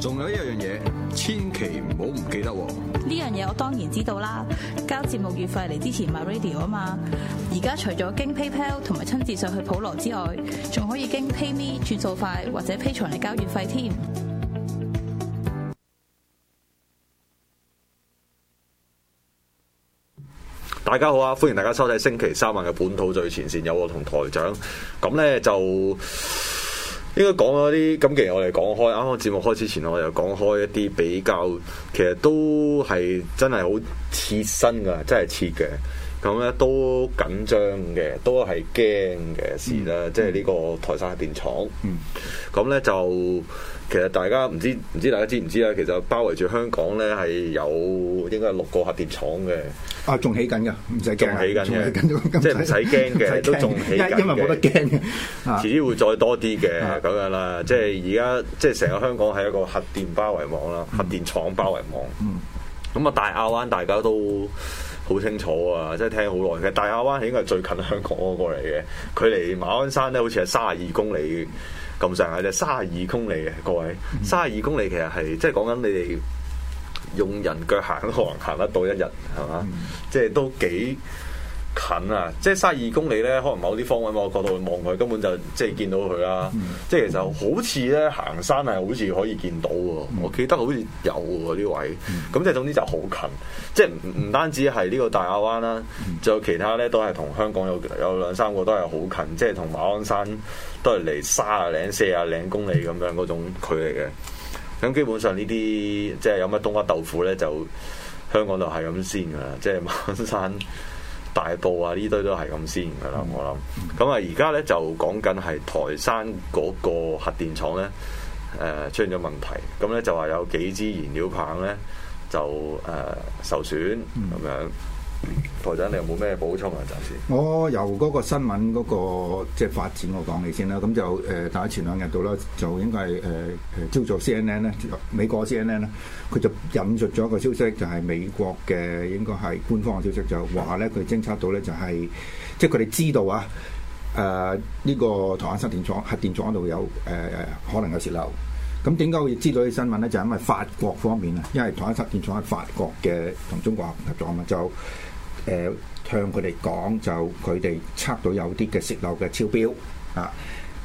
仲有一樣嘢，千祈唔好唔記得喎！呢樣嘢我當然知道啦，交節目月費嚟支持 MyRadio 啊嘛。而家除咗經 PayPal 同埋親自上去普羅之外，仲可以經 PayMe 轉數快或者 Patreon 嚟交月費添。大家好啊，歡迎大家收睇星期三晚嘅本土最前線，有我同台長。咁咧就。應該講嗰啲咁，其實我哋講開啱開節目開始前，我又講開一啲比較，其實都係真係好切身㗎，真係切嘅。咁咧都緊張嘅，都係驚嘅事啦。即係呢個台山核電廠。嗯。咁咧就其實大家唔知唔知大家知唔知啦？其實包圍住香港咧係有應該六個核電廠嘅。啊，仲起緊㗎，唔使驚。仲起緊嘅，即係唔使驚嘅，都仲起緊，因為冇得驚嘅，遲啲會再多啲嘅咁樣啦。即係而家即係成個香港係一個核電包圍網啦，核電廠包圍網。嗯。咁啊，大亞灣大家都。好清楚啊，即係聽好耐嘅，大亞灣，應該係最近香港嗰個嚟嘅。距離馬鞍山咧，好似係三十二公里咁上下啫，三十二公里嘅各位，三十二公里其實係即係講緊你哋用人腳行都可能行得到一日，係嘛？嗯、即係都幾。近啊，即係卅二公里咧，可能某啲方位我角度望佢，根本就即係見到佢啦。嗯、即係其實好似咧行山係，好似可以見到喎。嗯、我記得好似有嗰啲位，咁即係總之就好近。即係唔唔單止係呢個大亞灣啦，仲、嗯、有其他咧都係同香港有有兩三個都係好近，即係同馬鞍山都係離卅零四啊零公里咁樣嗰種距離嘅。咁基本上呢啲即係有咩冬瓜豆腐咧，就香港就係咁先噶啦。即係馬鞍山。大埔啊，呢堆都係咁先噶啦，我諗。咁啊、嗯，而、嗯、家呢，就講緊係台山嗰個核電廠呢，誒、呃、出現咗問題。咁呢，就話有幾支燃料棒呢，就誒、呃、受損。咁、嗯、樣。台長你有冇咩補充啊？暫時我由嗰個新聞嗰、那個即係、就是、發展我講你先啦，咁就誒，大、呃、家前兩日到啦，就應該係誒誒，朝早 C N N 咧，美國 C N N 咧，佢就引述咗一個消息，就係、是、美國嘅應該係官方嘅消息，就話咧佢偵測到咧就係、是，即係佢哋知道啊，誒、呃、呢、這個台灣失電廠核電廠嗰度有誒誒可能有泄漏，咁點解會知道啲新聞呢？就是、因為法國方面啊，因為台灣失電廠喺法國嘅同中國合作啊嘛，就。誒、呃，向佢哋講就佢哋測到有啲嘅泄漏嘅超標啊，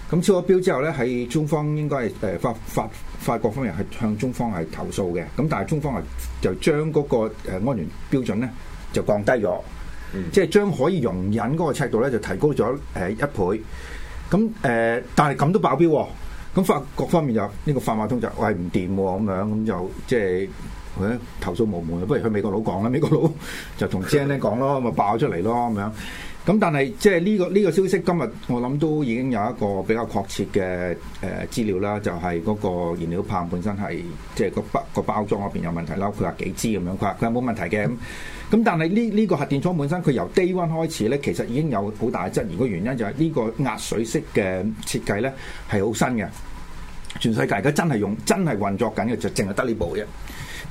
咁、嗯、超咗標之後咧，喺中方應該係誒法法法國方面係向中方係投訴嘅，咁但係中方係就將嗰個誒安全標準咧就降低咗，嗯、即係將可以容忍嗰個尺度咧就提高咗誒一倍，咁誒、呃，但係咁都爆標，哦，咁法國方面就呢、這個法馬通就喂唔掂咁樣，咁就即係。哎、投訴無門，不如去美國佬講啦。美國佬就同 Jean 聽講咯，咪爆出嚟咯咁樣。咁但係即係呢、呢個呢、呢個消息，今日我諗都已經有一個比較確切嘅誒、呃、資料啦，就係、係、嗰個燃料棒本身係即係個包個包裝嗰邊有問題啦。佢話幾支咁樣，佢話佢話冇問題嘅咁。咁、嗯、但係呢呢個核電廠本身佢由低溫開始咧，其實已經有好大嘅質疑。個原因就係呢個壓水式嘅設計咧係好新嘅，全世界而家真係用真係運作緊嘅，就淨係得呢部啫。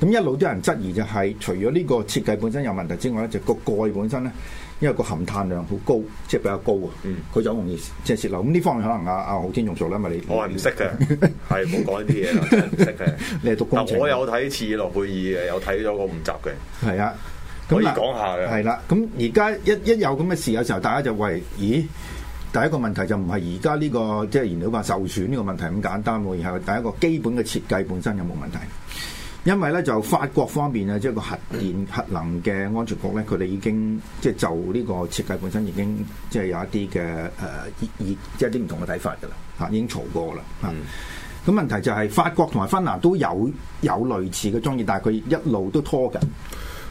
咁一路啲人質疑就係、是，除咗呢個設計本身有問題之外咧，就是、個蓋本身咧，因為個含碳量好高，即、就、係、是、比較高啊。嗯，佢就好容易即係泄漏咁，呢方面，可能阿阿浩天用做啦嘛？你我係唔識嘅，係冇講呢啲嘢，真係唔識嘅。你係讀工程？我有睇切爾諾貝爾嘅，有睇咗個五集嘅。係啊，可以講下嘅。係啦，咁而家一一有咁嘅事，有時候大家就話：咦，第一個問題就唔係而家呢個即係燃料棒受損呢個問題咁簡單喎，而係第一個基本嘅設計本身有冇問題？因為咧就法國方面啊，即係個核電核能嘅安全局咧，佢哋已經即係就呢個設計本身已經即係有一啲嘅誒熱熱即係啲唔同嘅睇法㗎啦，嚇已經嘈過啦。咁、嗯啊、問題就係法國同埋芬蘭都有有類似嘅裝置，但係佢一路都拖緊。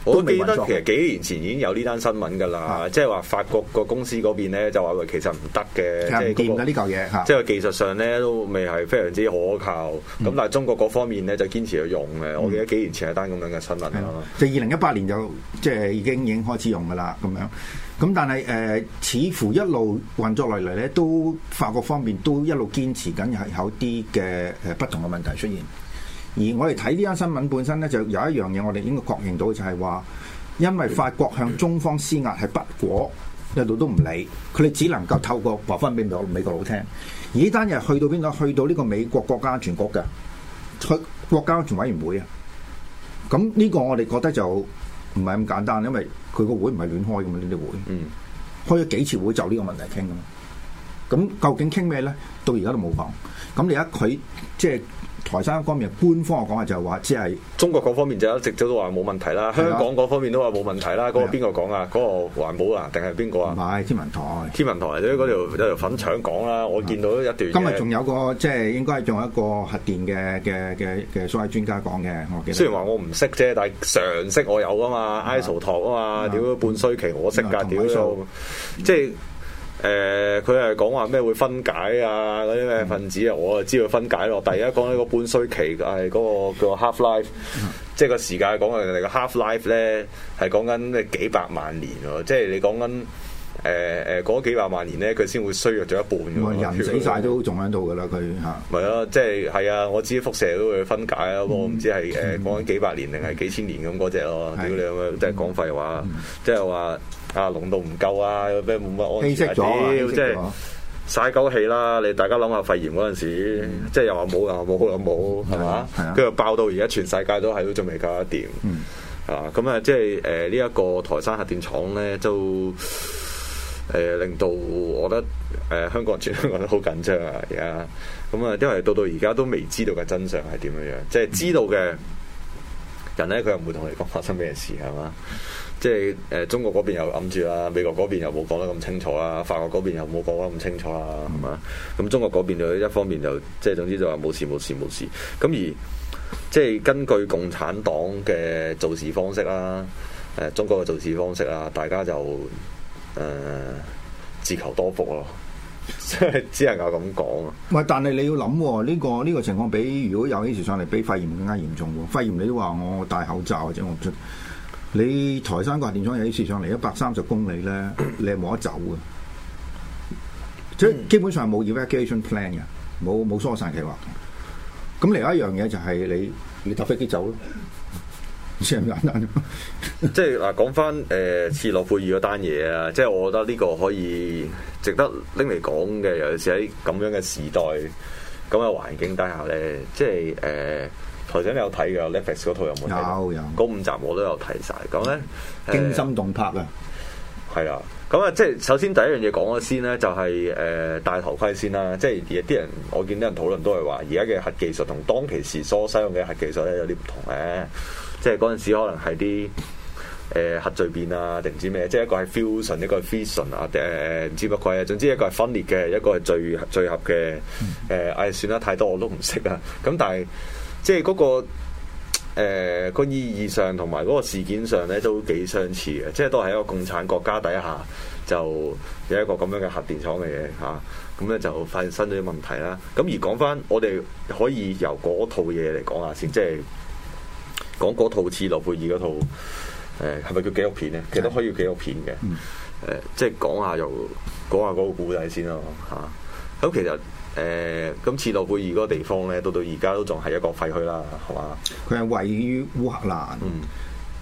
都我記得其實幾年前已經有呢單新聞噶啦，即係話法國個公司嗰邊咧就話喂，其實唔得嘅，即係電啊呢嚿嘢吓，即係、嗰個、技術上咧都未係非常之可靠。咁、嗯、但係中國嗰方面咧就堅持去用嘅。我記得幾年前係一單咁樣嘅新聞啦。就二零一八年就即係、就係、已經已經開始用噶啦咁樣。咁但係誒、呃，似乎一路運作落嚟咧，都法國方面都一路堅持緊，係有啲嘅誒不同嘅問題出現。而我哋睇呢單新聞本身咧，就有一樣嘢，我哋應該確認到就係話，因為法國向中方施壓係不果，一度都唔理，佢哋只能夠透過話翻俾美美國佬聽。而呢單嘢去到邊個？去到呢個美國國家安全局嘅，去國家安全委員會啊。咁呢個我哋覺得就唔係咁簡單，因為佢個會唔係亂開咁嘛呢啲會。嗯。開咗幾次會就呢個問題傾㗎嘛。咁究竟傾咩咧？到而家都冇講。咁而家佢即係。台山方面，官方嘅講嘅就係話，只係中國嗰方面就一直都都話冇問題啦。香港嗰方面都話冇問題啦。嗰個邊個講啊？嗰個環保啊，定係邊個啊？唔係天文台。天文台喺嗰條有條粉腸講啦。我見到一段。今日仲有個即係應該係仲有一個核電嘅嘅嘅嘅所謂專家講嘅。我記得。雖然話我唔識啫，但係常識我有噶嘛 Isotope 啊嘛，屌半衰期我識㗎，屌。樣即係。誒，佢係講話咩會分解啊，嗰啲咩分子啊，我就知佢分解咯。但而家講呢個半衰期係嗰個叫 half life，嗯，即係個時間講緊人哋個 half life 咧係講緊咩幾百萬年喎，即係你講緊誒誒幾百萬年咧，佢先會衰弱咗一半。人死晒都仲喺度噶啦，佢吓。唔係啊，即係係啊，我知輻射都會分解啊，我不過唔知係誒講緊幾百年定係幾千年咁嗰隻咯。屌你咁樣，真係講廢話，即係話。即係啊，濃度唔夠啊，有咩冇乜安全、啊、即係是、啊、曬狗氣啦！你大家諗下肺炎嗰陣時，嗯、即係又話冇，又話冇，又話冇，係嘛吧？跟住、啊啊、爆到而家全世界都係都仲未搞得掂，啊、嗯！咁啊、嗯，即係誒呢一個台山核電廠咧，就誒、呃、令到我覺得誒、呃、香港全香港都好緊張啊！而家咁啊，因為到到而家都未知道嘅真相係點樣，即、就、係、是、知道嘅人咧，佢又唔會同你講發生咩事係嘛？嗯即係誒中國嗰邊又揞住啦，美國嗰邊又冇講得咁清楚啦，法國嗰邊又冇講得咁清楚啦，係嘛？咁中國嗰邊就一方面就即係總之就話冇事冇事冇事。咁而即係根據共產黨嘅做事方式啦，誒中國嘅做事方式啦，大家就誒、呃、自求多福咯，即 係只能夠咁講。唔係，但係你要諗呢、哦呢個呢、呢個情況比，比如果有呢時上嚟，比肺炎更加嚴重。肺炎你都話我戴口罩或者我唔出。你台山個電廠有啲事上嚟，一百三十公里咧，你係冇得走嘅。嗯、即係基本上冇 evacuation plan 嘅，冇冇疏散計劃。咁另外一樣嘢就係你要搭飛機走咯，先咁簡單即係嗱，講翻誒、呃，切爾諾貝爾嗰單嘢啊，即係我覺得呢個可以值得拎嚟講嘅，尤其是喺咁樣嘅時代、咁嘅環境底下咧，即係誒。呃頭先你有睇嘅 Netflix 嗰套有冇？有有，嗰五集我都有睇晒。咁咧驚心動魄啊！係啊，咁啊，即係首先第一樣嘢講咗先咧、就是，就係誒戴頭盔先啦。即係而啲人，我見啲人討論都係話，而家嘅核技術同當其時所使用嘅核技術咧有啲唔同嘅、啊。即係嗰陣時可能係啲誒核聚變啊，定唔知咩？即係一個係 fusion，一個係 fission 啊，誒唔知乜鬼啊。總之一個係分裂嘅，一個係聚聚合嘅。誒、嗯，唉、呃，算啦，太多我都唔識啊。咁但係。即係嗰、那個誒、呃那個、意義上，同埋嗰個事件上咧都幾相似嘅，即係都係一個共產國家底下就有一個咁樣嘅核電廠嘅嘢嚇，咁、啊、咧就發生咗啲問題啦。咁、啊、而講返，我哋可以由嗰套嘢嚟講下先、就是，即係講嗰套切爾諾貝爾嗰套誒係咪叫紀錄片咧？其實都可以叫紀錄片嘅誒、啊，即係講下又講下嗰個故仔先咯嚇。咁、啊啊、其實～誒，咁次諾貝爾切爾諾貝爾嗰個地方咧，到到而家都仲係一個廢墟啦，係嘛？佢係位於烏克蘭，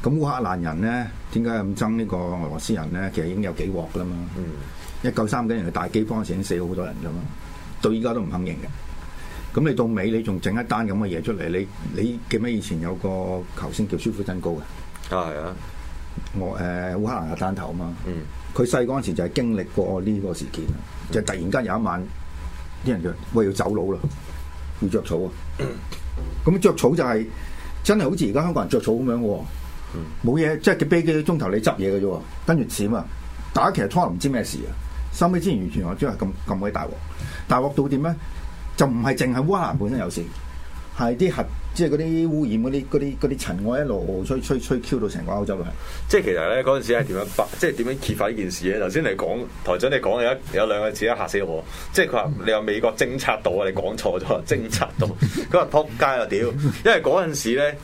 咁烏克蘭人咧，點解咁憎呢個俄羅斯人咧？其實已經有幾鑊啦嘛，一九三幾年嘅大饑荒時已經死咗好多人噶嘛，到依家都唔肯認嘅。咁你到尾你仲整一單咁嘅嘢出嚟，你你記唔記得以前有個球星叫舒夫真高嘅？啊係啊，我誒、呃、烏克蘭嘅彈頭啊嘛，佢細個嗰時就係經歷過呢個事件就突然間有一晚。嗯 Ut 啲人就喂要走佬啦，要着草啊！咁、嗯、着、嗯嗯、草就係、是、真係好似而家香港人着草咁樣喎、哦，冇嘢，即係佢俾幾個鐘頭你執嘢嘅啫喎，跟住閃啊！打其實初頭唔知咩事啊，收尾之前完全我知係咁咁鬼大鑊，大鑊到點咧？就唔係淨係烏蘭本身有事，係啲核。即係嗰啲污染嗰啲啲啲塵埃一路吹吹吹飄到成個歐洲嘅，即係其實咧嗰陣時係點樣即係點樣揭發呢件事咧？頭先你講台長你，你講有一有兩個字嚇死我，即係佢話你話美國偵察到啊，你講錯咗啊，偵察到佢話撲街啊屌！因為嗰陣時咧呢、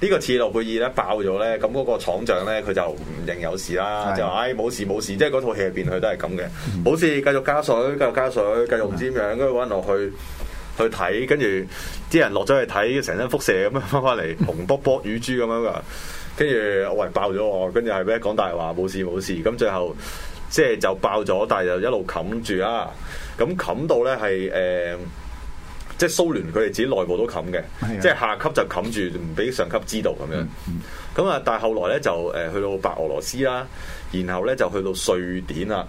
呢個切爾諾貝爾咧爆咗咧，咁、嗯、嗰、嗰個廠長咧佢就唔認有事啦，就話唉冇事冇事，即係嗰套戲入邊佢都係咁嘅，冇事繼續加水，繼續加水，繼續唔知樣，跟住揾落去。去睇，跟住啲人落咗去睇，成身輻射咁樣翻翻嚟，紅卜卜乳豬咁樣㗎！跟住我係爆咗我，跟住係咩講大話，冇事冇事。咁最後即係就爆咗，但係、呃、就一路冚住啦。咁冚到咧係誒，即係蘇聯佢哋自己內部都冚嘅，啊、即係下級就冚住，唔俾上級知道咁樣。咁啊，但係後來咧就誒去到白俄羅斯啦，然後咧就去到瑞典喇，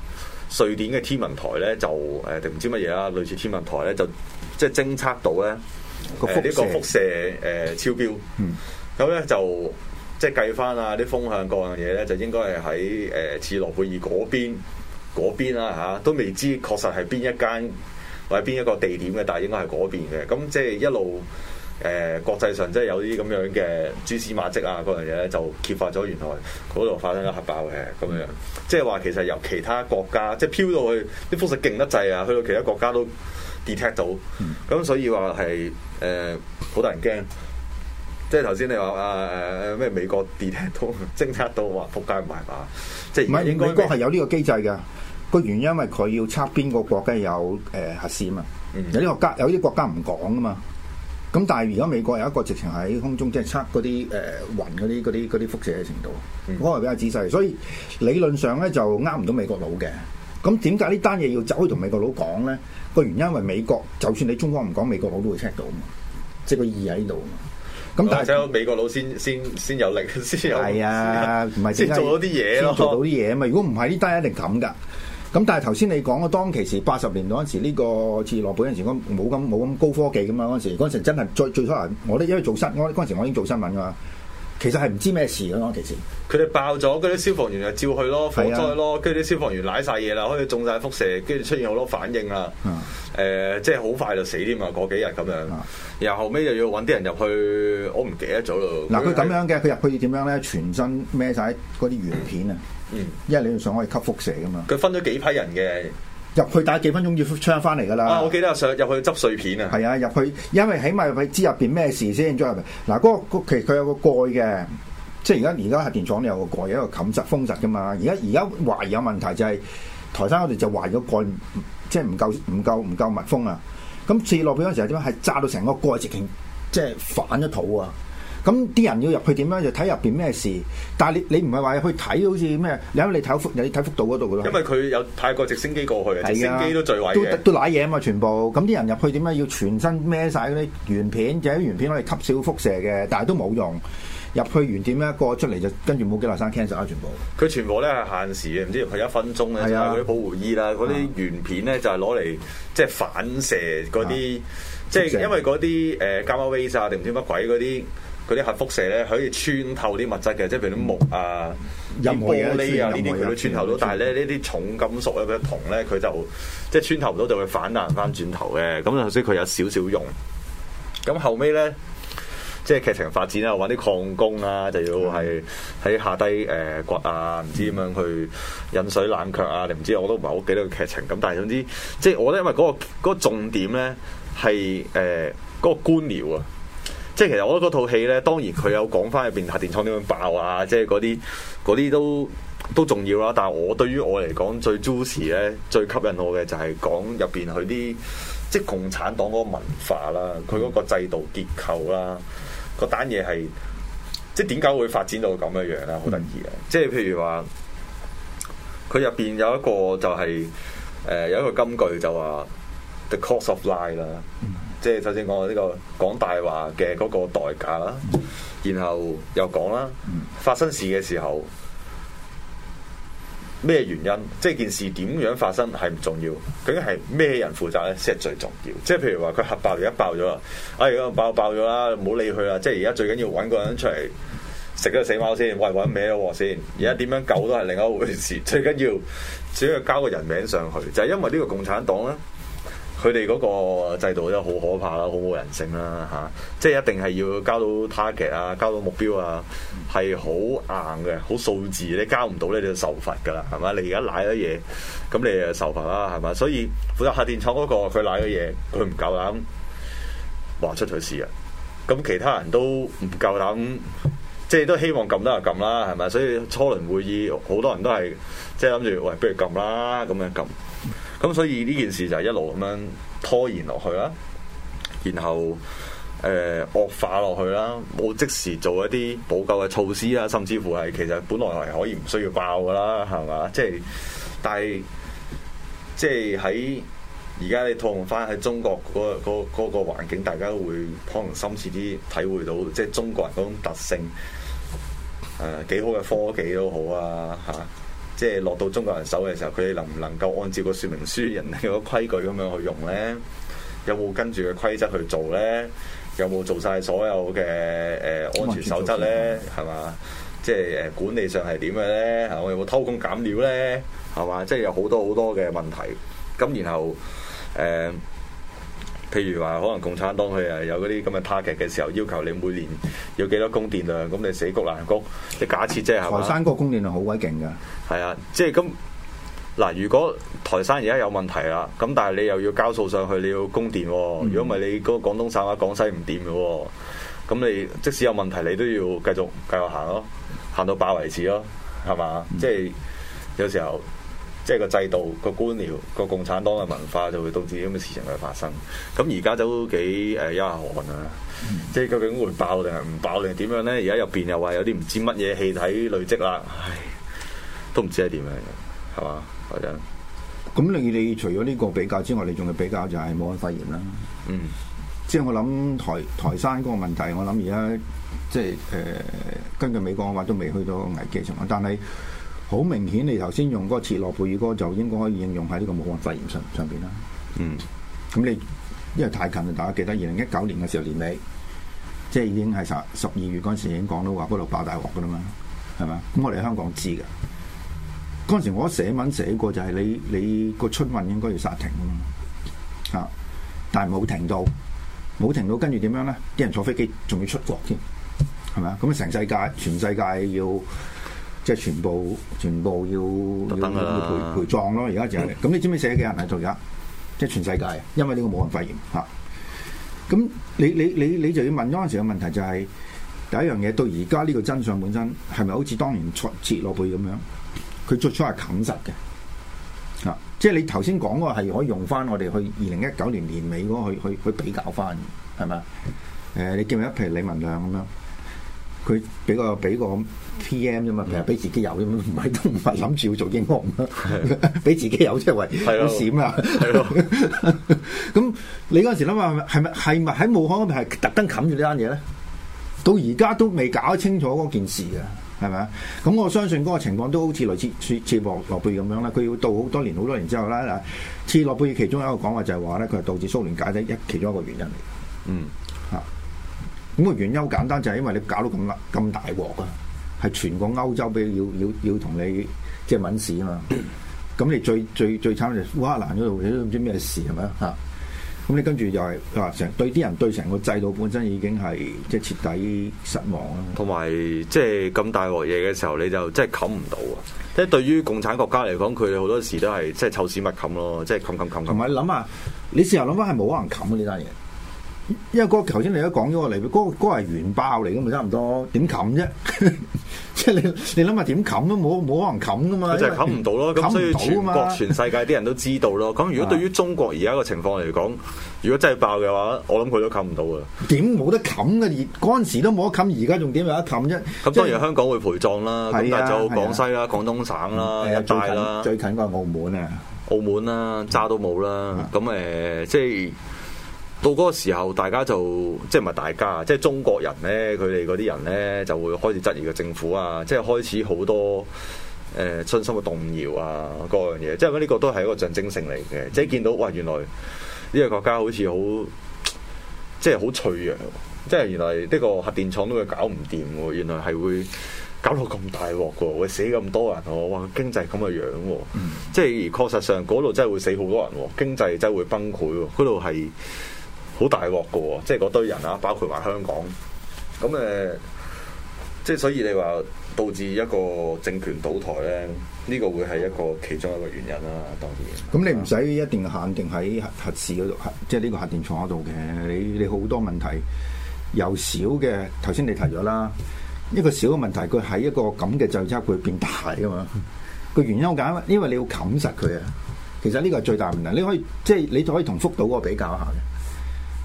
瑞典嘅天文台咧就誒定唔知乜嘢啦，類似天文台咧就。即係偵測到咧，呢個輻射誒超標，咁咧就即係計翻啊啲風向各樣嘢咧，就應該係喺誒切爾諾貝爾嗰邊嗰邊啦嚇，都未知確實係邊一間或者邊一個地點嘅，但係應該係嗰邊嘅。咁即係一路誒國際上即係有啲咁樣嘅蛛絲馬跡啊，各樣嘢咧就揭發咗，原來嗰度發生咗核爆嘅咁樣。即係話其實由其他國家即係飄到去啲輻射勁得滯啊，去到其他國家都。detect 到，咁所以話係誒好多人驚，即係頭先你話啊誒咩美國 detect 到，偵測到話扑街唔係嘛？即係唔係美國係有呢個機制嘅，個原因因為佢要測邊個國家有誒、呃、核試，啊嘛，有啲國家有啲國家唔講啊嘛，咁但係而家美國有一個直情喺空中即係測嗰啲誒雲嗰啲嗰啲啲輻射嘅程度，可能比較仔細，所以理論上咧就啱唔到美國佬嘅。咁點解呢單嘢要走去同美國佬講咧？個原因係美國，就算你中方唔講，美國佬都會 check 到嘛，即係個意喺度啊嘛。咁但係想美國佬先先先有力先有，係啊，唔係先，先做到啲嘢咯，先做到啲嘢啊嘛。如果唔係呢單一定咁噶。咁但係頭先你講啊，當其時八十年代嗰陣時，呢、呢個似落本嗰陣時，冇咁冇咁高科技噶嘛嗰陣時，嗰陣時真係最最初人，我咧因為做新，我嗰陣時我已經做新聞噶嘛。其實係唔知咩事咁咯、啊，其實佢哋爆咗，嗰啲消防員就照去咯，火災咯，跟住啲消防員舐晒嘢啦，可以中晒輻射，跟住出現好多反應啦。誒、嗯呃，即係好快就死添嘛，過幾日咁樣，然後後尾又要揾啲人入去，我唔記得咗咯。嗱，佢咁樣嘅，佢入去要點樣咧？全身孭晒嗰啲原片啊、嗯，嗯，因為你要想可以吸輻射噶嘛。佢分咗幾批人嘅。入去打幾分鐘熱槍翻嚟噶啦！啊，我記得上入去執碎片啊！係啊，入去因為起碼佢知入邊咩事先入嚟嗱，嗰、啊那個其實佢有個蓋嘅，即係而家而家核電廠都有個蓋，一個冚實封實噶嘛。而家而家懷疑有問題就係、是、台山我哋就懷疑蓋、就是、個蓋，即係唔夠唔夠唔夠密封啊！咁射落去嗰陣時候點啊？係炸到成個蓋直情即係反咗肚啊！咁啲人要入去點樣？就睇入邊咩事。但係你你唔係話去睇好似咩？你有冇睇福？有睇福島嗰度嘅咯？因為佢有泰國直升機過去啊，的直升機都墜毀嘅，都瀨嘢啊嘛！全部咁啲人入去點樣？要全身孭晒嗰啲鉛片，就啲鉛片攞嚟吸少輻射嘅，但係都冇用。入去原點樣，過出嚟就跟住冇幾耐生 cancer 啦，全部。佢全部咧係限時嘅，唔知係一分鐘咧，但係佢保護衣啦、啊。嗰啲、啊、鉛片咧就係攞嚟即係反射嗰啲，即係、啊、因為嗰啲誒 gamma rays 啊，定唔知乜鬼嗰啲。佢啲核輻射咧可以穿透啲物質嘅，即係譬如啲木啊、啲玻璃啊呢啲佢都穿透到，但係咧呢啲重金屬咧，譬如銅咧，佢就即係穿透唔到，就會反彈翻轉頭嘅。咁頭先佢有少少用，咁後尾咧即係劇情發展啦，揾啲礦工啊，就要係喺下低誒掘啊，唔知點樣去引水冷卻啊，定唔知我都唔係好記得個劇情。咁但係總之，即係我覺得因為嗰個重點咧係誒嗰個官僚啊。即係其實我覺得嗰套戲咧，當然佢有講翻入邊核電廠點樣爆啊，即係嗰啲啲都都重要啦，啊。但係我對於我嚟講最 juicy 咧，最吸引我嘅就係講入邊佢啲即係共產黨嗰個文化啦，佢嗰個制度結構啦，嗰單嘢係即係點解會發展到咁嘅樣咧？好得意嘅，即係譬如話佢入邊有一個就係、是、誒、呃、有一個金句就話 the cost of lies 啦。即係首先講呢個講大話嘅嗰個代價啦，然後又講啦，發生事嘅時候咩原因？即係件事點樣發生係唔重要，究竟係咩人負責咧先係最重要。即係譬如話佢核爆而家爆咗啦，哎咁爆爆咗啦，唔好理佢啦。即係而家最緊要揾個人出嚟食咗個死貓先，喂，揾咩先？而家點樣救都係另一回事，最緊要只要交個人名上去，就係因為呢個共產黨啦。佢哋嗰個制度真係好可怕啦，好冇人性啦嚇、啊！即係一定係要交到 target 啊，交到目標啊，係好硬嘅，好數字你交唔到咧，你就受罰噶啦，係咪？你而家賴咗嘢，咁你就受罰啦，係咪？所以負責核電廠嗰、那個佢賴咗嘢，佢唔夠膽話出咗事啊。咁其他人都唔夠膽，即係都希望撳得就撳啦，係咪？所以初輪會議好多人都係即係諗住，喂，不如撳啦，咁樣撳。咁所以呢件事就一路咁樣拖延落去啦，然後誒、呃、惡化落去啦，冇即時做一啲補救嘅措施啦，甚至乎係其實本來係可以唔需要爆噶啦，係嘛？即、就、係、是，但係即係喺而家你套用翻喺中國嗰、那個環境，大家會可能深切啲體會到，即、就、係、是、中國人嗰種特性，誒、呃、幾好嘅科技都好啊，嚇！即係落到中國人手嘅時候，佢哋能唔能夠按照個說明書人哋嗰個規矩咁樣去用呢？有冇跟住個規則去做呢？有冇做晒所有嘅誒、呃、安全守則呢？係嘛？即係管理上係點嘅呢？係嘛？有冇偷工減料呢？係嘛？即係有好多好多嘅問題。咁然後誒、呃譬如話，可能共產黨佢係有嗰啲咁嘅 target 嘅時候，要求你每年要幾多供電量，咁你死谷難谷。你假設即係嚇嘛？台山個供電量好鬼勁㗎。係啊，即係咁嗱。如果台山而家有問題啦，咁但係你又要交數上去，你要供電。如果唔係，你嗰個廣東省話、廣西唔掂嘅。咁你即使有問題，你都要繼續繼續行咯，行到爆為止咯，係嘛？嗯、即係有時候。即係個制度、個官僚、個共產黨嘅文化，就會導致咁嘅事情去發生。咁而家都幾誒憂寒啊！嗯、即係究竟會爆定係唔爆定係點樣咧？而家入邊又話有啲唔知乜嘢氣體累積啦，唉，都唔知係點樣，係嘛？我諗。咁你你除咗呢個比較之外，你仲有比較就係冇咁肺炎啦。嗯。即係我諗台台山嗰個問題，我諗而家即係誒、呃、根據美國嘅話，都未去到危機狀況，但係。好明顯，你頭先用嗰個切爾諾貝爾歌，就應該可以應用喺呢個武漢肺炎上上邊啦。嗯，咁你因為太近，大家記得二零一九年嘅時候年尾，即係已經係十十二月嗰陣時已經講到話嗰度爆大鑊噶啦嘛，係咪？咁我哋香港知噶，嗰陣時我寫文寫過就，就係你你個春運應該要煞停啊，但係冇停到，冇停到，跟住點樣咧？啲人坐飛機仲要出國添，係咪啊？咁成世界全世界要～即係全部，全部要要要陪陪葬咯！而家就咁，你知唔知死幾人喺度而家，即係全世界，因為呢個武漢肺炎嚇。咁、啊、你你你你就要問嗰陣時嘅問題就係、係、第一樣嘢，到而家呢個真相本身係咪好似當年出截落去咁樣？佢最初係冚實嘅嚇，即係你頭先講嗰個係可以用翻我哋去二零一九年年尾嗰個去去去比較翻，係咪啊？誒、呃，你記唔記得譬如李文亮咁樣。佢俾個俾個 PM 啫嘛，譬如俾自己有啫，唔係都唔係諗住要做英雄咯，俾的 自己有即係好閃啦。咁 你嗰陣時諗下係咪係咪喺武漢嗰邊係特登冚住呢單嘢咧？到而家都未搞清楚嗰件事啊，係咪啊？咁我相信嗰個情況都好似類似似似切爾諾貝爾咁樣啦，佢要到好多年好多年之後啦，切爾諾貝爾其中一個講話就係話咧，佢係導致蘇聯解體一其中一個原因嚟。嗯，嚇。咁個原因好簡單就係、是、因為你搞到咁大咁大鑊啊，係全個歐洲俾要要要同你即係搵屎啊嘛！咁、嗯嗯嗯、你最最最慘就烏克蘭嗰度，你都唔知咩事係咪啊？咁、嗯嗯、你跟住又係成對啲人對成個制度本身已經係即係徹底失望啦。同埋即係咁大鑊嘢嘅時候，你就即係冚唔到啊！即係對於共產國家嚟講，佢哋好多時都係即係臭屎密冚咯，即係冚冚冚。同埋諗下，你試下諗翻係冇可能冚嘅呢單嘢。因為嗰個頭先你都講咗個例子，嗰個嗰個係原爆嚟嘅嘛，差唔多，點冚啫？即係你你諗下點冚都冇冇可能冚噶嘛？就係冚唔到咯。咁所以全國全世界啲人都知道咯。咁如果對於中國而家個情況嚟講，如果真係爆嘅話，我諗佢都冚唔到啊。點冇得冚嘅？嗰陣時都冇得冚，而家仲點有得冚啫？咁當然香港會陪葬啦。咁但係就廣西啦、廣東省啦、一帶啦，最近應該係澳門啊，澳門啦，渣都冇啦。咁誒，即係。到嗰個時候，大家就即係唔係大家，即係中國人咧，佢哋嗰啲人咧就會開始質疑個政府啊，即係開始好多誒、呃、信心嘅動搖啊，各樣嘢。即係呢個都係一個象徵性嚟嘅，即係見到哇，原來呢個國家好似好即係好脆弱、啊，即係原來呢個核電廠都會搞唔掂嘅，原來係會搞到咁大鑊喎，會死咁多人哦、啊！哇，經濟咁嘅樣，樣、啊，嗯、即係而確實上嗰度真係會死好多人、啊，經濟真係會崩潰，嗰度係。好大鑊噶，即係嗰堆人啊，包括埋香港。咁誒、呃，即係所以你話導致一個政權倒台咧，呢、這個會係一個其中一個原因啦。當然，咁、嗯、 你唔使一定限定喺核核試嗰度，即係呢個核電廠嗰度嘅。你你好多問題，由少嘅，頭先你提咗啦，一個少嘅問題，佢喺一個咁嘅就差會變大噶嘛。個原因我解因為你要冚實佢啊。其實呢個係最大問題。你可以即係你就可以同福島嗰個比較一下嘅。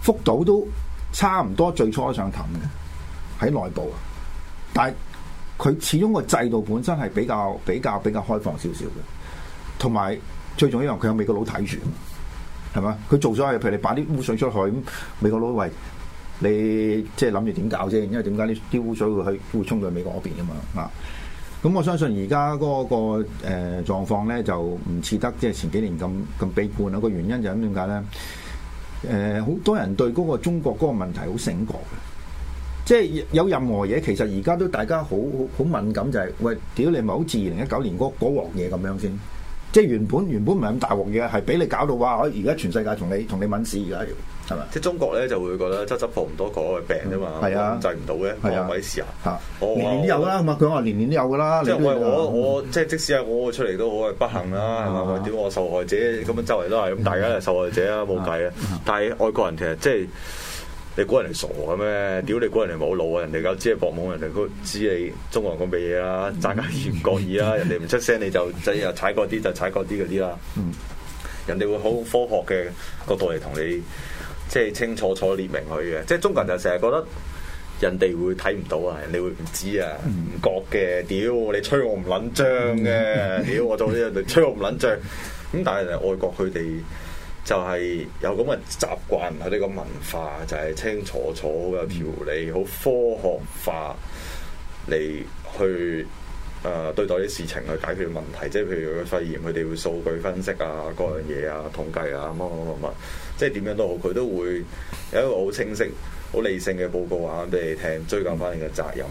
福島都差唔多，最初上騰嘅喺內部，但係佢始終個制度本身係比較比較比較開放少少嘅，同埋最重要係佢有美國佬睇住，係嘛？佢做咗嘢，譬如你擺啲污水出去，咁，美國佬，喂你，即係諗住點搞啫？因為點解啲啲污水會去會衝到美國嗰邊㗎嘛？啊！咁、嗯、我相信而家嗰個誒、那個呃、狀況咧就唔似得即係前幾年咁咁悲觀，有個原因就係點解咧？誒，好、呃、多人對個中國嗰個問題好醒覺嘅，即係有任何嘢，其實而家都大家好好好敏感，就是，就係喂，屌你咪好似二零一九年嗰嗰鑊嘢咁樣先？即係原本原本唔係咁大鑊嘢，係俾你搞到哇！而家全世界同你同你搵屎而家。即係中國咧，就會覺得執執破唔多嗰個病啫嘛，控制唔到嘅，冇鬼事啊！我年年都有啦，咁啊，佢話年年都有噶啦。即我我即係即使啊，我出嚟都好，係不幸啦，係嘛？點我受害者咁樣周圍都係，咁大家係受害者啊，冇計啊！但係外國人其實即係你估人哋傻嘅咩？屌你，估人哋冇腦啊！人哋夠知係博懵，人哋都知你中國人講乜嘢啦，賺家嫌唔覺意啦，人哋唔出聲，你就即係踩嗰啲就踩嗰啲嗰啲啦。嗯，人哋會好科學嘅角度嚟同你，即係清楚楚列明佢嘅，即係中國人就成日覺得人哋會睇唔到啊，人哋會唔知啊，唔覺嘅。屌 你吹我唔捻張嘅，屌我做啲人哋吹我唔捻張。咁 但係外國佢哋就係有咁嘅習慣，佢呢個文化就係清楚楚嘅條理，好科學化嚟，去誒、呃、對待啲事情去解決問題。即係譬如肺炎，佢哋會數據分析啊，各樣嘢啊，統計啊，乜乜乜乜。即係點樣都好，佢都會有一個好清晰、好理性嘅報告話俾你聽。追究翻你嘅責任，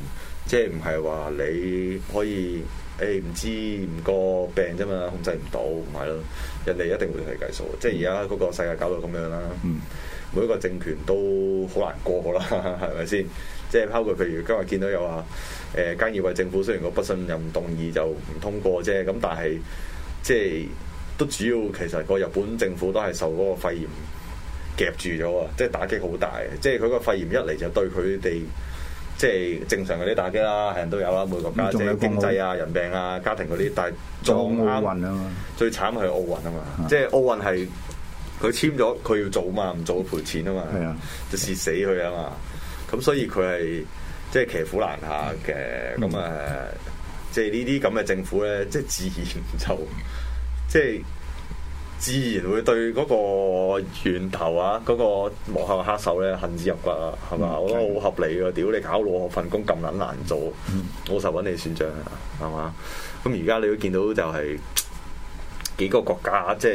即係唔係話你可以誒唔、欸、知唔過病啫嘛，控制唔到，唔係咯？人哋一定會去計數。即係而家嗰個世界搞到咁樣啦，嗯、每一個政權都好難過啦，係咪先？即係包括譬如今日見到有話誒、呃、菅義偉政府雖然個不信任動議就唔通過啫，咁但係即係都主要其實個日本政府都係受嗰個肺炎。夾住咗啊！即係打擊好大，即係佢個肺炎一嚟就對佢哋，即係正常嗰啲打擊啦，人都有啦，每個國家即係經濟病啊、人命啊、家庭嗰啲。但係撞啱奧運嘛，最慘係奧運啊嘛！即係奧運係佢簽咗，佢要做嘛，唔做會賠錢啊嘛。係啊，就蝕死佢啊嘛。咁所以佢係即係騎虎難下嘅。咁啊，即係呢啲咁嘅政府咧，即係自然就即係。即 自然會對嗰個源頭啊，嗰、那個幕後黑手咧恨之入骨啊，係嘛？嗯、我覺得好合理噶，屌、嗯、你搞到我份工咁撚難做，嗯、我實揾你算賬啊，係嘛？咁而家你都見到就係幾個國家即係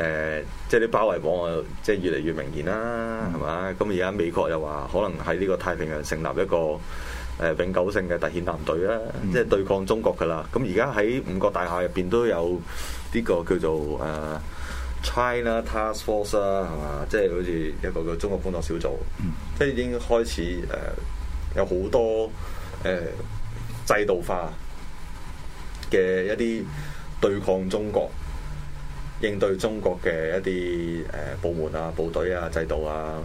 誒，即係啲包圍網啊，即係越嚟越明顯啦，係嘛、嗯？咁而家美國又話可能喺呢個太平洋成立一個誒永久性嘅特遣艦隊啦，即係、嗯、對抗中國噶啦。咁而家喺五角大廈入邊都有。呢個叫做誒、uh, China Task Force 啦，係嘛？即係好似一個叫中國工作小組，嗯、即係已經開始誒、uh, 有好多誒、uh, 制度化嘅一啲對抗中國、應對中國嘅一啲誒、uh, 部門啊、部隊啊、制度啊。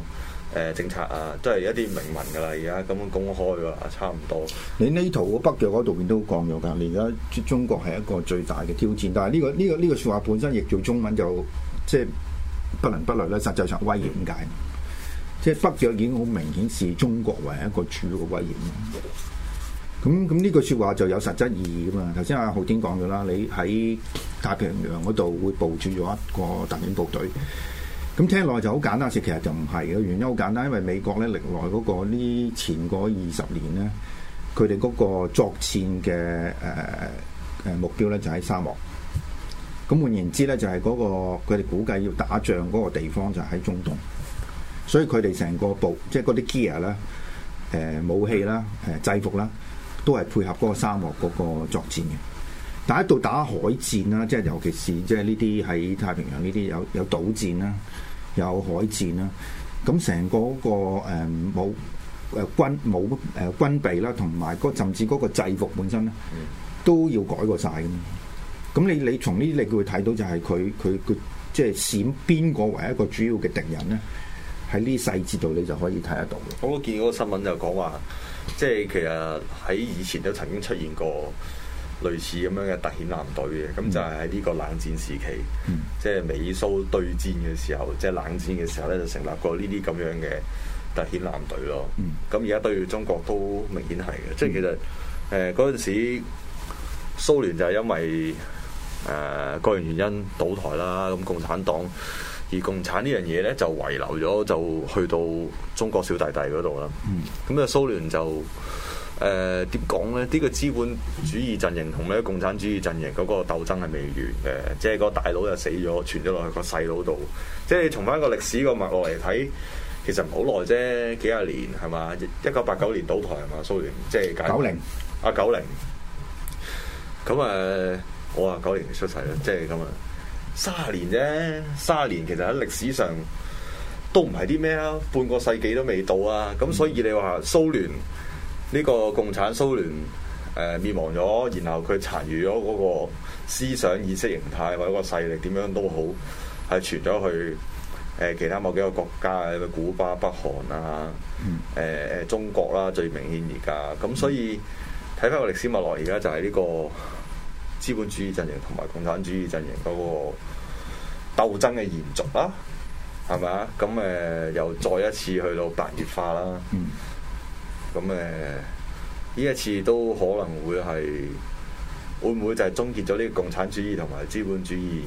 誒、呃、政策啊，都係一啲明文㗎啦，而家咁樣公開㗎啦，差唔多。你呢圖北約嗰度面都降咗㗎，而家中中國係一個最大嘅挑戰。但係呢、這個呢、這個呢、這個説、這個、話本身譯做中文就，就即係不倫不類啦，實際上威嚴解。嗯、即係北約已經好明顯視中國為一個主要嘅威嚴，咁咁呢句説話就有實質意義㗎嘛。頭先阿浩天講咗啦，你喺太平洋嗰度會部署咗一個特遣部隊。咁聽落就好簡單，其實就唔係嘅原因好簡單，因為美國咧歷來嗰個呢前嗰二十年咧，佢哋嗰個作戰嘅誒誒目標咧就喺沙漠。咁換言之咧，就係嗰個佢哋估計要打仗嗰個地方就喺中東，所以佢哋成個部即係嗰啲 gear 咧，誒武器啦、誒制服啦，都係配合嗰個沙漠嗰個作戰嘅。但係一到打海戰啦，即係尤其是即係呢啲喺太平洋呢啲有有島戰啦。有海戰啦，咁成個嗰、嗰個冇武誒軍武誒、啊、軍備啦，同埋嗰甚至嗰個制服本身咧，都要改過曬嘅。咁你你從呢啲你會睇到就係佢佢佢即係閃邊個為一個主要嘅敵人咧。喺呢細節度你就可以睇得到。我見嗰個新聞就講話，即係其實喺以前都曾經出現過。類似咁樣嘅特遣艦隊嘅，咁就係喺呢個冷戰時期，嗯、即係美蘇對戰嘅時候，即係冷戰嘅時候咧，就成立過呢啲咁樣嘅特遣艦隊咯。咁而家對中國都明顯係嘅，嗯、即係其實誒嗰陣時蘇聯就係因為誒、呃、個人原因倒台啦，咁共產黨而共產呢樣嘢咧就遺留咗，就去到中國小弟弟嗰度啦。咁啊、嗯、蘇聯就。誒，點講咧？呢、這個資本主義陣營同咧共產主義陣營嗰個鬥爭係未完嘅，即係個大佬又死咗，傳咗落去個細佬度。即係從返個歷史個脈絡嚟睇，其實唔好耐啫，幾廿年係嘛？一九八九年倒台係嘛？蘇聯即係九零，阿九零。咁誒、呃，我話九零出世啦，即係咁啊，卅年啫，卅年其實喺歷史上都唔係啲咩啊，半個世紀都未到啊，咁所以你話蘇聯？呢個共產蘇聯誒滅亡咗，然後佢殘餘咗嗰個思想意識形態或者個勢力點樣都好，係傳咗去誒、呃、其他某幾個國家，例如古巴、北韓啊。嗯、呃。誒中國啦，最明顯而家。咁所以睇翻個歷史脈絡，而家就係呢個資本主義陣營同埋共產主義陣營嗰個鬥爭嘅延續啦，係咪啊？咁誒、呃、又再一次去到白熱化啦。嗯。咁誒，呢、呃、一次都可能會係會唔會就係終結咗呢個共產主義同埋資本主義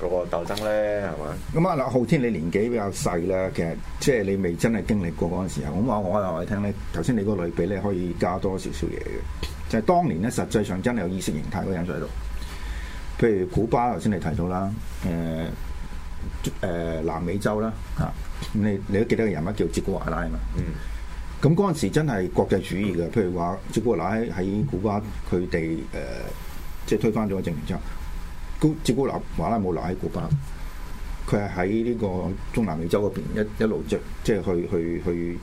嗰個鬥爭咧？係嘛？咁啊，嗱，浩天，你年紀比較細啦，其實即係你未真係經歷過嗰陣時候。咁啊，我又話你聽咧，頭先你嗰個類比你可以加多少少嘢嘅。就係、是、當年咧，實際上真係有意識形態嗰個人在度。譬如古巴頭先你提到啦，誒、呃、誒、呃、南美洲啦嚇、啊，你你都記得個人物叫捷古華拉啊嘛。嗯。咁嗰陣時真係國際主義嘅，譬如話，哲古華拉喺古巴，佢哋誒即係推翻咗政權之後，高哲古華拉冇留喺古巴，佢係喺呢個中南美洲嗰邊一一路即係去去去，去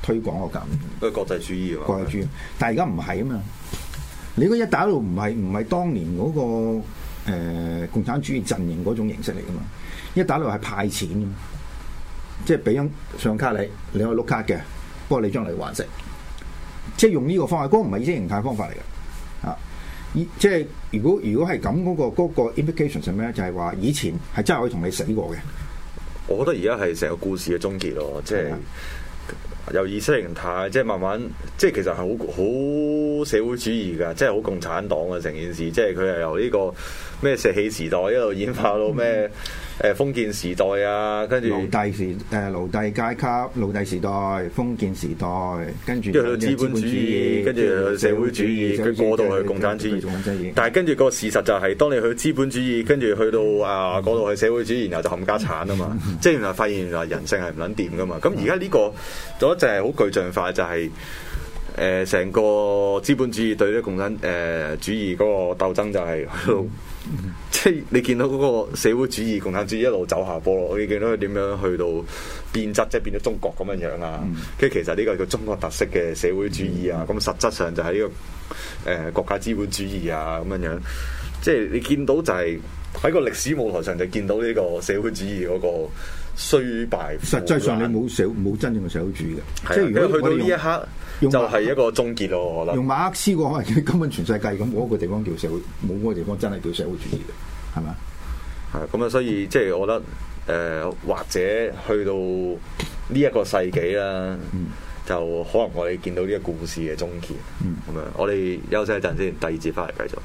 推廣個革命。係國際主義啊！國際主義，但係而家唔係啊嘛。你嗰一帶一路唔係唔係當年嗰、嗰個、呃、共產主義陣營嗰種形式嚟噶嘛？一帶一路係派錢，即係俾張信用卡你有卡，你可以碌卡嘅。你將來玩識，即係用呢個方法，嗰個唔係意識形態方法嚟嘅，啊，即係如果如果係咁嗰個嗰個 implication 係咩？就係話以前係真係可以同你死過嘅。我覺得而家係成個故事嘅終結咯，即係由意識形態，即係慢慢，即係其實係好好社會主義噶，即係好共產黨嘅成件事，即係佢係由呢個咩石器時代一路演化到咩。嗯誒封建時代啊，跟住奴隸時，誒奴隸階級、奴隸時代、封建時代，跟住去到資本主義，跟住社會主義，佢過到去共產主義，主義但係跟住個事實就係，是，當你去資本主義，跟住去到、嗯、啊，過到去社會主義，然後就冚家鏟啊嘛。嗯、即係原來發現原來人性係唔撚掂㗎嘛。咁而家呢個嗰隻係好具象化，就係誒成個資本主義對呢共產誒、呃、主義嗰個鬥爭就係去到。 嗯、即係你見到嗰個社會主義、共產主義一路走下坡，你見到佢點樣去到變質，即係變咗中國咁樣樣啊。跟住、嗯、其實呢個係個中國特色嘅社會主義啊，咁、嗯、實質上就係呢、呢個誒、呃、國家資本主義啊咁樣樣。即係你見到就係喺個歷史舞台上就見到呢個社會主義嗰、嗰個。衰敗，實際上你冇社冇真正嘅社會主義嘅，係啊。即係如果去到呢一刻，就係一個終結咯。我諗，用馬克思嘅可能根本全世界咁，冇一個地方叫社會，冇嗰個地方真係叫社會主義嘅，係咪？係啊，咁啊，所以即係我覺得，誒、呃，或者去到呢一個世紀啦，嗯、就可能我哋見到呢個故事嘅終結。嗯，咁樣，我哋休息一陣先，第二節翻嚟繼續。